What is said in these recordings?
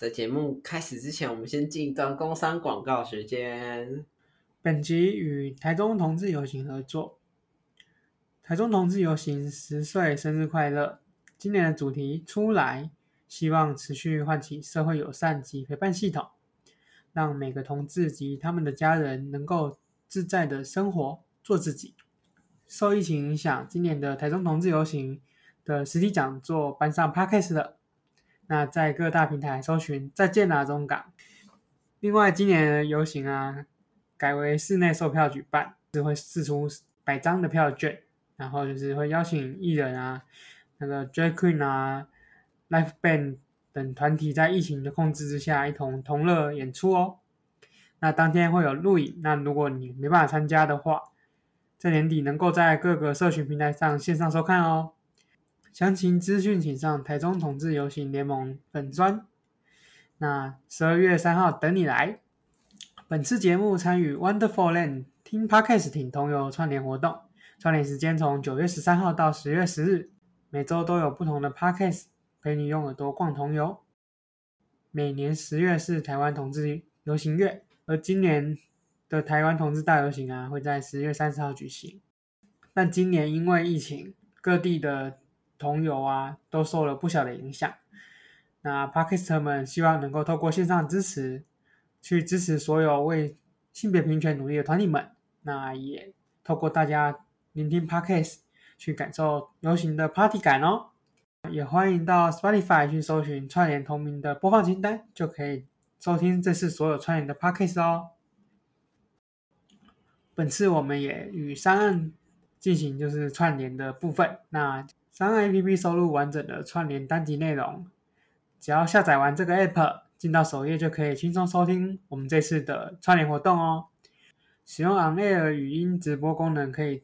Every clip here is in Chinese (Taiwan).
在節目開始之前，我們先進一段工商廣告時間。本集與台中同志遊行合作。台中同志遊行十歲生日快樂！今年的主題出來，希望持續喚起社會友善及陪伴系統，讓每個同志及他們的家人能夠自在的生活，做自己。受疫情影響，今年的台中同志遊行的實體講座搬上 Podcast 了。那在各大平台搜尋，再見啦、啊、中港。另外，今年的遊行啊，改為室內售票舉辦，只會釋出百張的票券，然後就是會邀請藝人啊，那個 Drag Queen 啊、Live Band 等團體在疫情的控制之下一同同樂演出哦。那當天會有錄影，那如果你沒辦法參加的話，在年底能夠在各個社群平台上線上收看哦。詳情資訊請上台中同志遊行聯盟粉專。那十二月三號等你來。本次節目參與彎的 for land 聽 Podcast 挺同遊串聯活動，串聯時間從九月十三號到十月十日，每周都有不同的 Podcast 陪你用耳朵逛同遊。每年十月是台灣同志遊行月，而今年的台灣同志大遊行啊，會在十月三十號舉行。但今年因為疫情，各地的同遊啊，都受了不小的影響。那 Podcast 們希望能夠透過線上支持，去支持所有為性別平權努力的團體們。那也透過大家聆聽 Podcast，去感受遊行的 party 感哦。也歡迎到 Spotify 去搜尋串聯同名的播放清單，就可以收聽這次所有串聯的 Podcast 哦。本次我們也與 SoundOn 進行就是串聯的部分，那。當 APP 收錄完整的串聯單集內容，只要下載完這個 APP，進到首頁就可以輕鬆收聽我們這次的串聯活動哦。使用 OnAir 語音直播功能，可以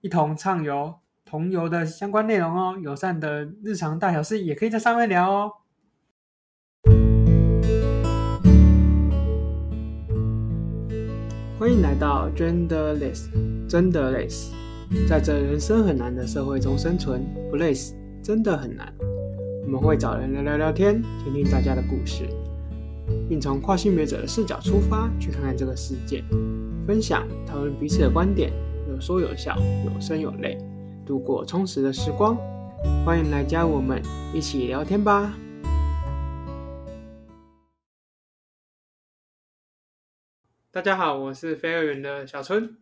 一同暢遊同遊的相關內容哦。友善的日常大小事也可以在上面聊哦。歡迎來到 Genderless，Genderless。在這人生很難的社會中生存，不累死真的很難。我們會找人聊聊天，聽聽大家的故事，並從跨性別者的視角出發，去看看這個世界，分享、討論彼此的觀點，有說有笑，有聲有淚，度過充實的時光。歡迎來加入我們，一起聊天吧！大家好，我是非二元的小春。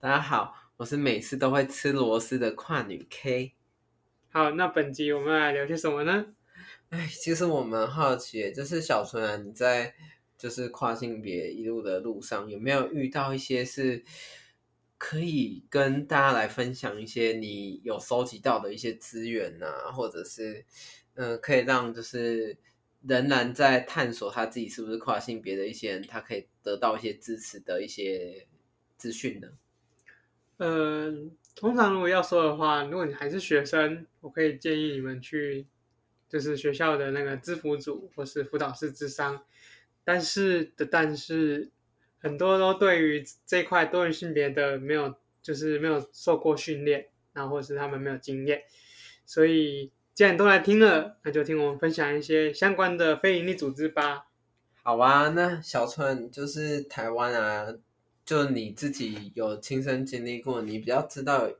大家好。我是每次都會吃螺絲的跨女 K。好，那本集我們來聊些什麼呢？哎，其實我們好奇，就是小純啊，你在就是跨性別一路的路上，有沒有遇到一些是可以跟大家來分享一些你有收集到的一些資源啊，或者是，嗯、呃，可以讓就是仍然在探索他自己是不是跨性別的一些人，他可以得到一些支持的一些資訊呢？呃，通常如果要說的話，如果你還是學生，我可以建議你們去，就是學校的那個制服組或是輔導室諮商。但是的，但是很多都對於這塊多元性別的沒有，就是沒有受過訓練，然後或者是他們沒有經驗。所以既然都來聽了，那就聽我們分享一些相關的非營利組織吧。好啊，那小春，就是台灣啊。就你自己有親身經歷過，你比較知道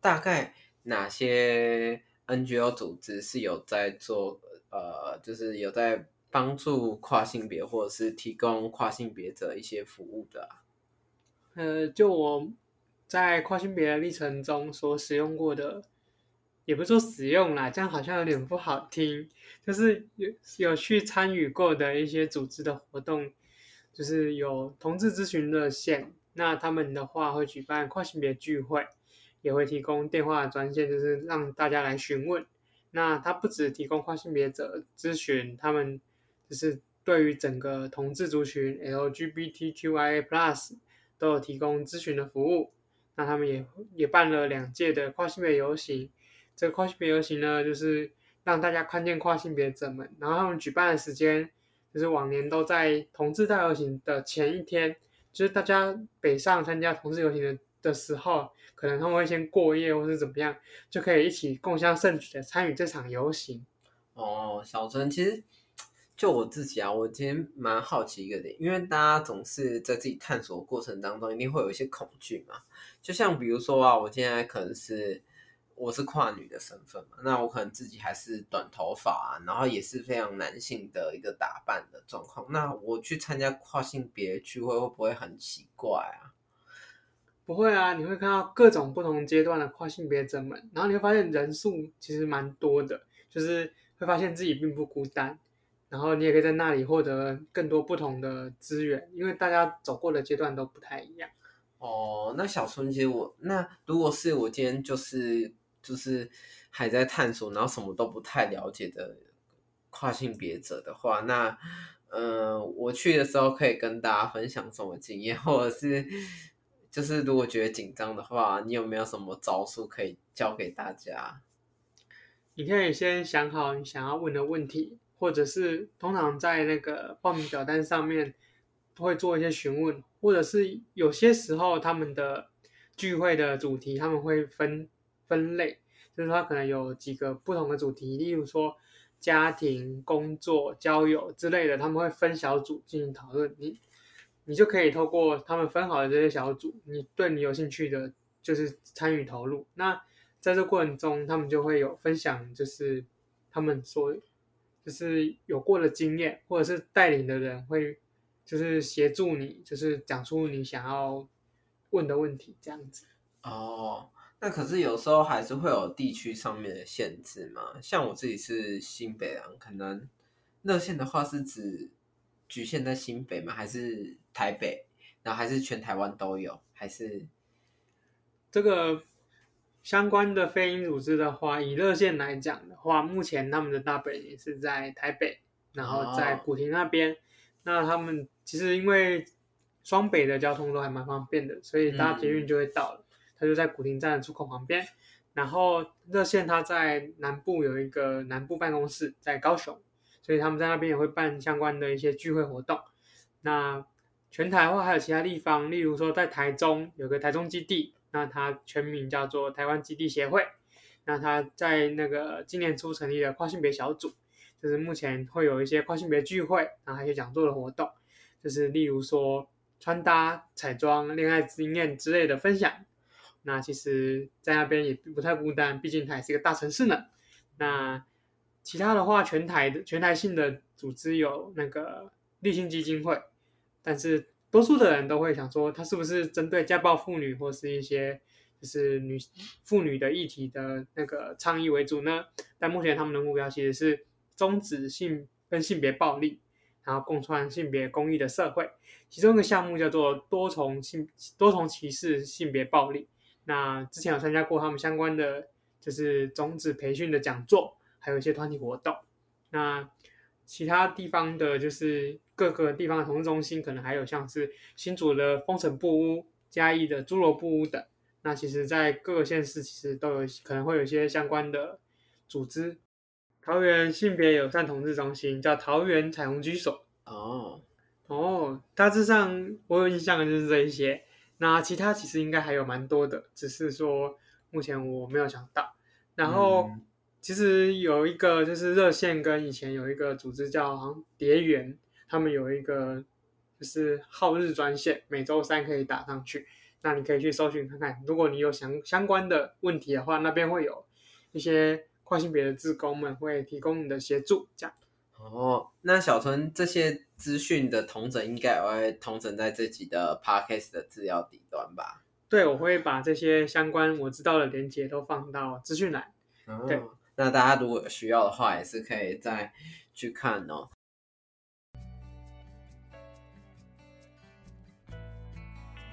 大概哪些 NGO 組織是有在做，呃，就是有在幫助跨性別或者是提供跨性別者一些服務的。呃，就我在跨性別的歷程中所使用過的，也不說使用啦，這樣好像有點不好聽，就是有有去參與過的一些組織的活動。就是有同志諮詢熱線，那他們的話會舉辦跨性別聚會，也會提供電話專線，就是讓大家來詢問。那他不只提供跨性別者諮詢，他們就是對於整個同志族群 LGBTQIA+ 都有提供諮詢的服務。那他們也也辦了兩屆的跨性別遊行，這個跨性別遊行呢，就是讓大家看見跨性別者們。然後他們舉辦的時間。就是往年都在同志大遊行的前一天，就是大家北上參加同志遊行的的時候，可能他們會先過夜，或是怎麼樣，就可以一起共襄盛舉的參與這場遊行。哦，小陳，其實就我自己啊，我今天蠻好奇一個點，因為大家總是在自己探索的過程當中，一定會有一些恐懼嘛。就像比如說啊，我今天可能是。我是跨女的身份嘛，那我可能自己還是短頭髮啊，然後也是非常男性的一個打扮的狀況。那我去參加跨性別聚會會不會很奇怪啊？不會啊，你會看到各種不同階段的跨性別者們，然後你會發現人數其實蠻多的，就是會發現自己並不孤單，然後你也可以在那裡獲得更多不同的資源，因為大家走過的階段都不太一樣。哦，那小春，其實我，那如果是我今天就是。就是還在探索，然後什麼都不太了解的跨性別者的話，那，呃，我去的時候可以跟大家分享什麼經驗，或者是，就是如果覺得緊張的話，你有沒有什麼招數可以教給大家？你可以先想好你想要問的問題，或者是通常在那個報名表單上面會做一些詢問，或者是有些時候他們的聚會的主題他們會分。分類就是他可能有幾個不同的主題，例如說家庭、工作、交友之類的，他們會分小組進行討論。你你就可以透過他們分好的這些小組，你對你有興趣的，就是參與投入。那在這過程中，他們就會有分享，就是他們所就是有過的經驗，或者是帶領的人會就是協助你，就是講出你想要問的問題，這樣子。哦。Oh. 那可是有時候還是會有地區上面的限制嘛？像我自己是新北人，可能熱線的話是指局限在新北嗎？還是台北？然後還是全台灣都有？還是這個相關的非營利組織的話，以熱線來講的話，目前他們的大本營是在台北，然後在古亭那邊。哦、那他們其實因為雙北的交通都還蠻方便的，所以大家捷運就會到了。嗯他就在古亭站的出口旁邊。然後，熱線他在南部有一個南部辦公室，在高雄，所以他們在那邊也會辦相關的一些聚會活動。那全台的話，還有其他地方，例如說在台中有個台中基地，那它全名叫做台灣基地協會。那他在那個今年初成立的跨性別小組，就是目前會有一些跨性別聚會，然後還有一些講座的活動，就是例如說穿搭、彩妝、戀愛經驗之類的分享。那其實，在那邊也不太孤單，畢竟它也是一個大城市呢。那其他的話，全台的全台性的組織有那個勵馨基金會，但是多數的人都會想說，它是不是針對家暴婦女或是一些就是女婦女的議題的那個倡議為主呢？但目前他們的目標其實是終止性跟性別暴力，然後共創性別公義的社會。其中一個項目叫做多重性多重歧視性別暴力。那之前有參加過他們相關的，就是種子培訓的講座，還有一些團體活動。那其他地方的，就是各個地方的同志中心，可能還有像是新竹的風城部屋、嘉義的諸羅部屋等。那其實，在各個縣市其實都有，可能會有一些相關的組織。桃園性別友善同志中心叫桃園彩虹居所。哦，oh. 哦，大致上我有印象的就是這一些。那其他其實應該還有蠻多的，只是說目前我沒有想到。然後其實有一個就是熱線，跟以前有一個組織叫好像蝶園，他們有一個就是好日專線，每周三可以打上去。那你可以去搜尋看看，如果你有相相關的問題的話，那邊會有一些跨性別的志工們會提供你的協助，這樣。哦，oh, 那小春這些資訊的統整應該也會統整在自己的 podcast 的資料底端吧？對，我會把這些相關我知道的鏈接都放到資訊欄。Oh, 對，那大家如果有需要的話，也是可以再去看哦。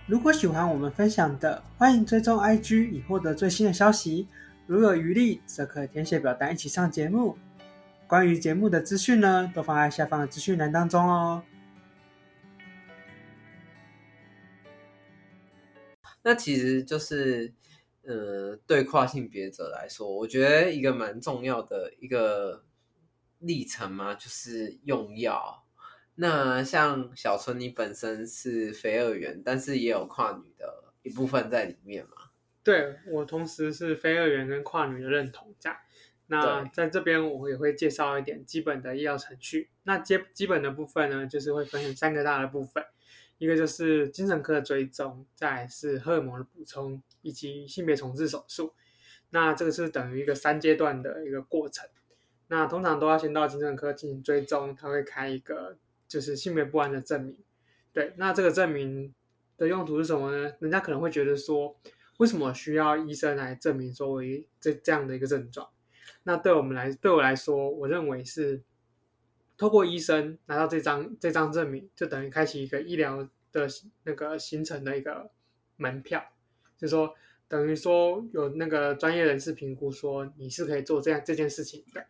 如果喜歡我們分享的，歡迎追蹤 IG 以獲得最新的消息。如有餘力，則可以填寫表單一起上節目。關於節目的資訊呢，都放在下方的資訊欄當中哦。那其實就是，呃，對跨性別者來說，我覺得一個蠻重要的一個歷程嘛，就是用藥。那像小春，你本身是非二元，但是也有跨女的一部分在裡面嘛。對，我同時是非二元跟跨女的認同，這樣。那在這邊，我也會介紹一點基本的醫療程序。那基基本的部分呢，就是會分成三個大的部分，一個就是精神科的追蹤，再來是荷爾蒙的補充，以及性別重置手術。那這個是等於一個三階段的一個過程。那通常都要先到精神科進行追蹤，他會開一個就是性別不安的證明。對，那這個證明的用途是什麼呢？人家可能會覺得說，為什麼需要醫生來證明作為這這樣的一個症狀？那對我們來，對我來說，我認為是透過醫生拿到這張這張證明，就等於開啟一個醫療的那個行程的一個門票，就是說等於說有那個專業人士評估說你是可以做這樣這件事情的，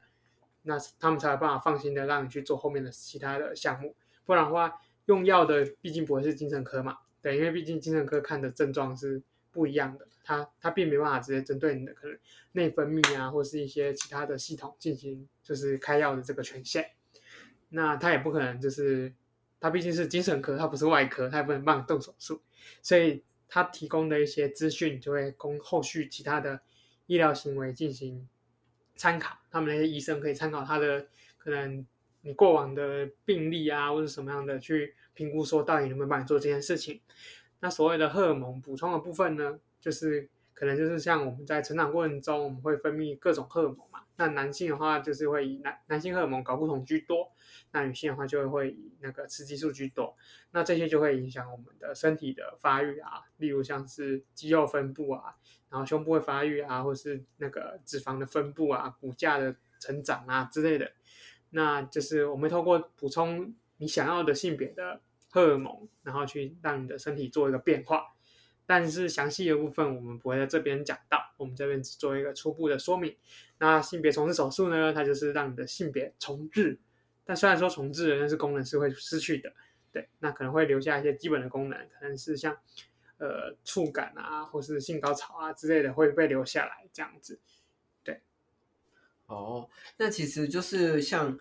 那他們才有辦法放心的讓你去做後面的其他的項目，不然的話用藥的畢竟不會是精神科嘛，對，因為畢竟精神科看的症狀是。不一樣的，它他並沒辦法直接針對你的可能內分泌啊，或是一些其他的系統進行，就是開藥的這個權限。那它也不可能，就是它畢竟是精神科，它不是外科，它也不能幫你動手術。所以，它提供的一些資訊，就會供後續其他的醫療行為進行參考。他們那些醫生可以參考他的可能你過往的病歷啊，或者什麼樣的去評估，說到底能不能幫你做這件事情。那所謂的荷爾蒙補充的部分呢，就是可能就是像我們在成長過程中，我們會分泌各種荷爾蒙嘛。那男性的話，就是會以男男性荷爾蒙睪固酮居多。那女性的話，就會會以那個雌激素居多。那這些就會影響我們的身體的發育啊，例如像是肌肉分布啊，然後胸部會發育啊，或者是那個脂肪的分布啊，骨架的成長啊之類的。那就是我們通過補充你想要的性別的。荷爾蒙，然後去讓你的身體做一個變化，但是詳細的部分我們不會在這邊講到，我們這邊只做一個初步的說明。那性別重置手術呢？它就是讓你的性別重置，但雖然說重置，但是功能是會失去的。對，那可能會留下一些基本的功能，可能是像呃觸感啊，或是性高潮啊之類的會被留下來這樣子。對，哦，那其實就是像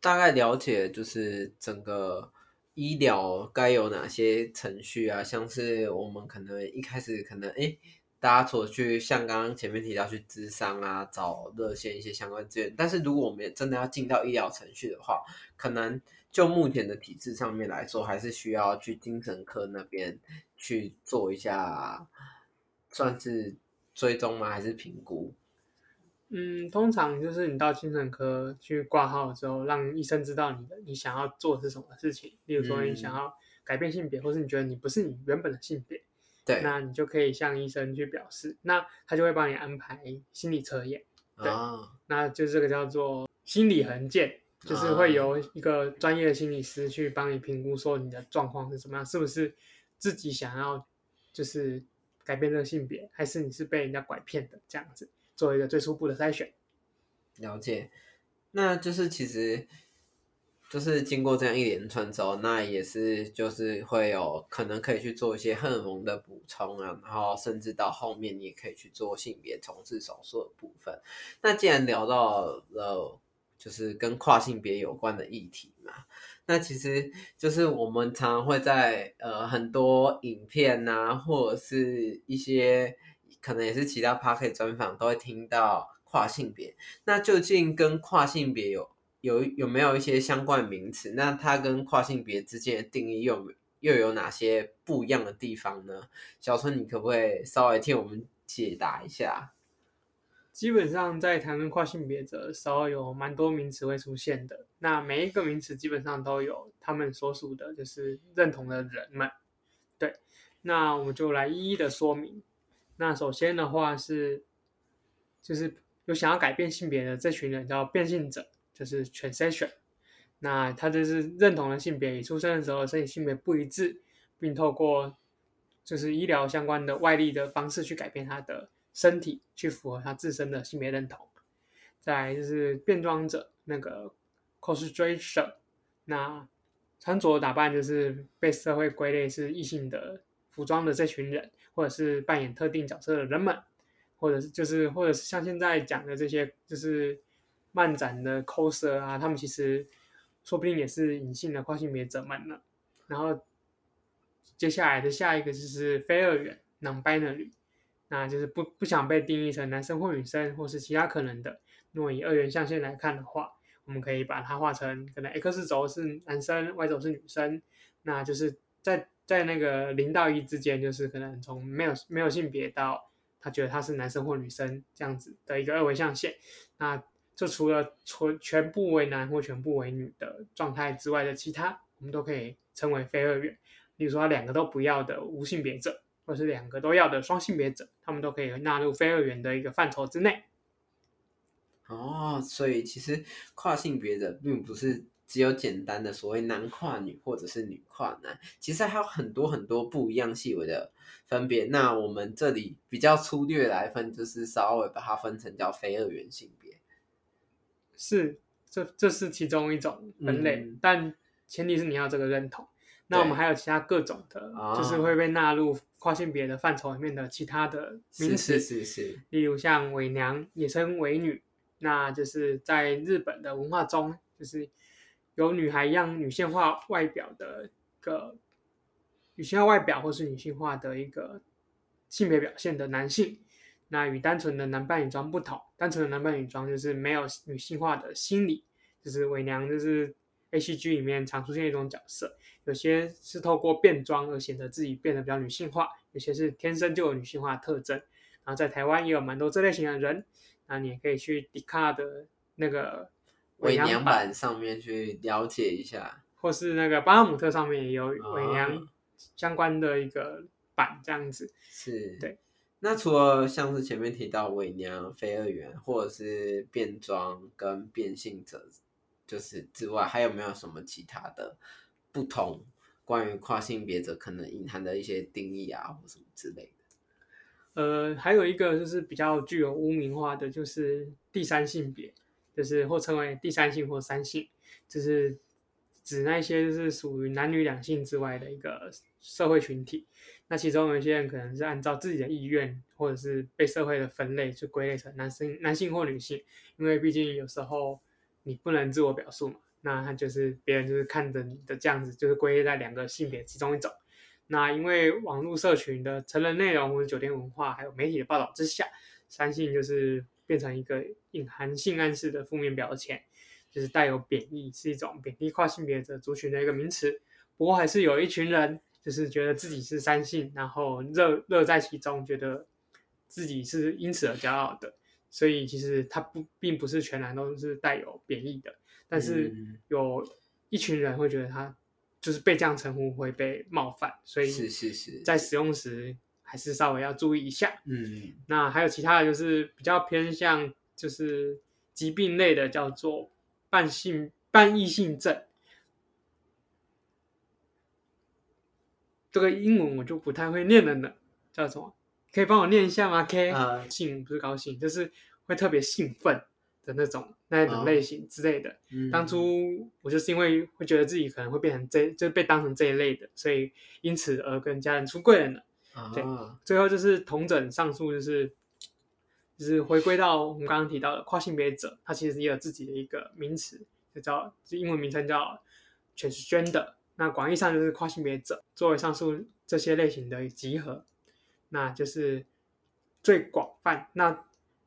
大概了解，就是整個。醫療該有哪些程序啊？像是我們可能一開始可能，哎、欸，大家所去像剛剛前面提到去諮商啊，找熱線一些相關資源。但是如果我們也真的要進到醫療程序的話，可能就目前的體制上面來說，還是需要去精神科那邊去做一下，算是追蹤嗎？還是評估？嗯，通常就是你到精神科去掛號之後，讓醫生知道你的你想要做的是什麼事情。例如說，你想要改變性別，嗯、或是你覺得你不是你原本的性別，對，那你就可以向醫生去表示，那他就會幫你安排心理測驗。對、啊、那就這個叫做心理衡鑑，就是會由一個專業的心理師去幫你評估說你的狀況是怎麼樣，是不是自己想要就是改變這個性別，還是你是被人家拐騙的這樣子。做一個最初步的篩選，了解，那就是其實就是經過這樣一連串之後，那也是就是會有可能可以去做一些荷爾蒙的補充啊，然後甚至到後面你也可以去做性別重置手術的部分。那既然聊到了就是跟跨性別有關的議題嘛，那其實就是我們常常會在呃很多影片啊或者是一些。可能也是其他 Podcast 專訪都會聽到跨性別。那究竟跟跨性別有有有沒有一些相關名詞？那它跟跨性別之間的定義又有又有哪些不一樣的地方呢？小春，你可不可以稍微替我們解答一下？基本上在談論跨性別者的時候，有蠻多名詞會出現的。那每一個名詞基本上都有他們所屬的就是認同的人們。對，那我們就來一一的說明。那首先的話是，就是有想要改變性別的這群人叫變性者，就是 transaction 那他就是認同的性別與出生的時候身體性別不一致，並透過就是醫療相關的外力的方式去改變他的身體，去符合他自身的性別認同。再來就是變裝者那個 costume 那穿着打扮就是被社會歸類是異性的。服裝的這群人，或者是扮演特定角色的人們，或者是就是，或者是像現在講的這些，就是漫展的 coser 啊，他們其實說不定也是隱性的跨性別者們呢。然後接下來的下一個就是非二元 （non-binary），那就是不不想被定義成男生或女生，或是其他可能的。如果以二元象限來看的話，我們可以把它畫成，可能 X 軸是男生，Y 軸是女生，那就是在。在那個零到一之間，就是可能從沒有沒有性別到他覺得他是男生或女生這樣子的一個二維象限。那就除了全全部為男或全部為女的狀態之外的其他，我們都可以稱為非二元。例如說，兩個都不要的無性別者，或是兩個都要的雙性別者，他們都可以納入非二元的一個範疇之內。哦，所以其實跨性別的並不是。只有簡單的所謂男跨女或者是女跨男，其實還有很多很多不一樣細微的分別。那我們這裡比較粗略來分，就是稍微把它分成叫非二元性別，是這這是其中一種本類，嗯、但前提是你要這個認同。那我們還有其他各種的，對就是會被納入跨性別的範疇裡面的其他的名詞，是是，是是是，例如像偽娘，也稱偽女，那就是在日本的文化中，就是。有女孩一樣女性化外表的一個女性化外表，或是女性化的一個性別表現的男性。那與單純的男扮女裝不同，單純的男扮女裝就是沒有女性化的心理，就是偽娘，就是 ACG 裡面常出現一種角色。有些是透過變裝而顯得自己變得比較女性化，有些是天生就有女性化特徵。然後在台灣也有蠻多這類型的人，那你也可以去 Dcard 的那個。偽娘，娘版上面去了解一下，或是那個巴哈姆特上面也有偽娘相關的一個版，嗯、這樣子是。對。那除了像是前面提到偽娘、非二元，或者是變裝跟變性者，就是之外，還有沒有什麼其他的不同？關於跨性別者可能隱含的一些定義啊，或什麼之類的。呃，還有一個就是比較具有污名化的，就是第三性別。就是或稱為第三性或三性，就是指那些就是屬於男女兩性之外的一個社會群體。那其中有一些人可能是按照自己的意願，或者是被社會的分類去歸類成男性、男性或女性。因為畢竟有時候你不能自我表述嘛，那他就是別人就是看着你的這樣子，就是歸類在兩個性別其中一種。那因為網絡社群的成人內容或者酒店文化，還有媒體的報道之下，三性就是。變成一個隱含性暗示的負面標籤，就是帶有貶義，是一種貶低跨性別者族群的一個名詞。不過，還是有一群人就是覺得自己是三性，然後樂樂在其中，覺得自己是因此而驕傲的。所以，其實它不並不是全然都是帶有貶義的，但是有一群人會覺得他就是被這樣稱呼會被冒犯，所以在使用時，是是是還是稍微要注意一下。嗯，那還有其他的就是比較偏向就是疾病類的，叫做半性半異性症。嗯、這個英文我就不太會念了呢，叫什麼？可以幫我念一下嗎？K 啊、嗯，性不是高興，就是會特別興奮的那種那一種類型之類的。嗯、當初我就是因為會覺得自己可能會變成這，就被當成這一類的，所以因此而跟家人出櫃了呢。對，最後就是統整，上述就是，就是回歸到我們剛剛提到的跨性別者，他其實也有自己的一個名詞，就叫英文名稱叫 transgender。那廣義上就是跨性別者作為上述這些類型的集合，那就是最廣泛。那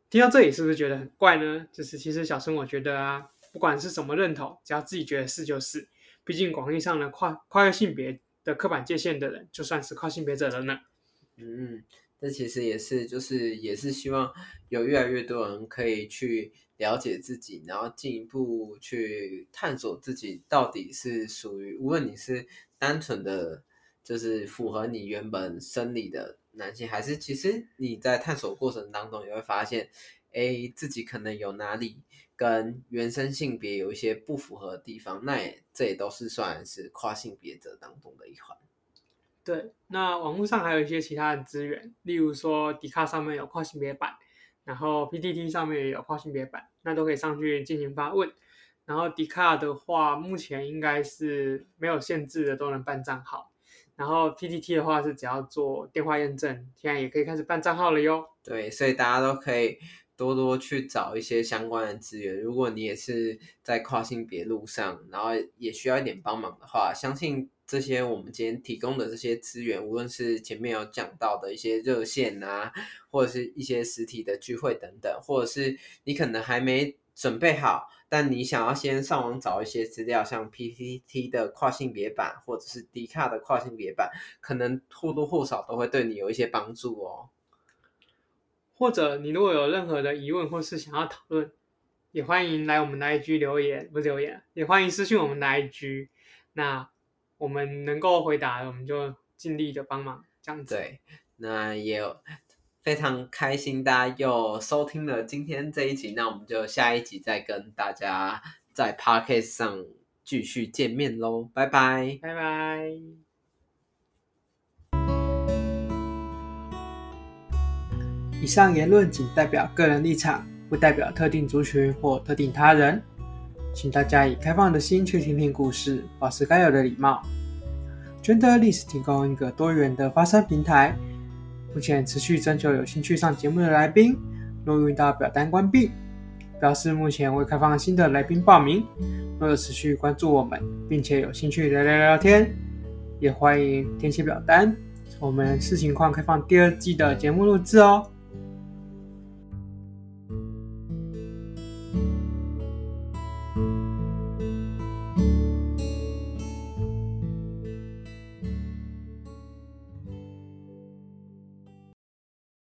聽到這裡是不是覺得很怪呢？就是其實小孫我覺得啊，不管是什麼認同，只要自己覺得是就是。畢竟廣義上的跨跨越性別的刻板界限的人，就算是跨性別者的了呢。嗯，這其實也是，就是也是希望有越來越多人可以去了解自己，然後進一步去探索自己到底是屬於，無論你是單純的，就是符合你原本生理的男性，還是其實你在探索過程當中也會發現，哎，自己可能有哪裡跟原生性別有一些不符合的地方，那也這也都是算是跨性別者當中的一環。對，那網絡上還有一些其他的資源，例如說 Dcard 上面有跨性別版，然後 PTT 上面也有跨性別版，那都可以上去進行發問。然後 Dcard 的話，目前應該是沒有限制的，都能辦賬號。然後 PTT 的話是只要做電話驗證，現在也可以開始辦賬號了喲。對，所以大家都可以多多去找一些相關的資源。如果你也是在跨性別路上，然後也需要一點幫忙的話，相信。這些我們今天提供的這些資源，無論是前面有講到的一些熱線啊，或者是一些實體的聚會等等，或者是你可能還沒準備好，但你想要先上網找一些資料，像 PTT 的跨性別版，或者是 Dcard 的跨性別版，可能或多或少都會對你有一些幫助哦。或者你如果有任何的疑問，或是想要討論，也歡迎來我們的 IG 留言，不是留言，也歡迎私訊我們的 IG。那。我們能夠回答，我們就盡力的幫忙這樣子。對，那也非常開心，大家又收聽了今天這一集。那我們就下一集再跟大家在 Podcast 上繼續見面嘍！拜拜，拜拜。以上言論僅代表個人立場，不代表特定族群或特定他人。請大家以開放的心去聽聽故事，保持該有的禮貌。Genderless 提供一個多元的發聲平台，目前持續徵求有興趣上節目的來賓，若遇到表單關閉，表示目前未開放新的來賓報名。若有持續關注我們，並且有興趣聊聊聊天，也歡迎填寫表單。我們視情況開放第二季的節目錄製哦。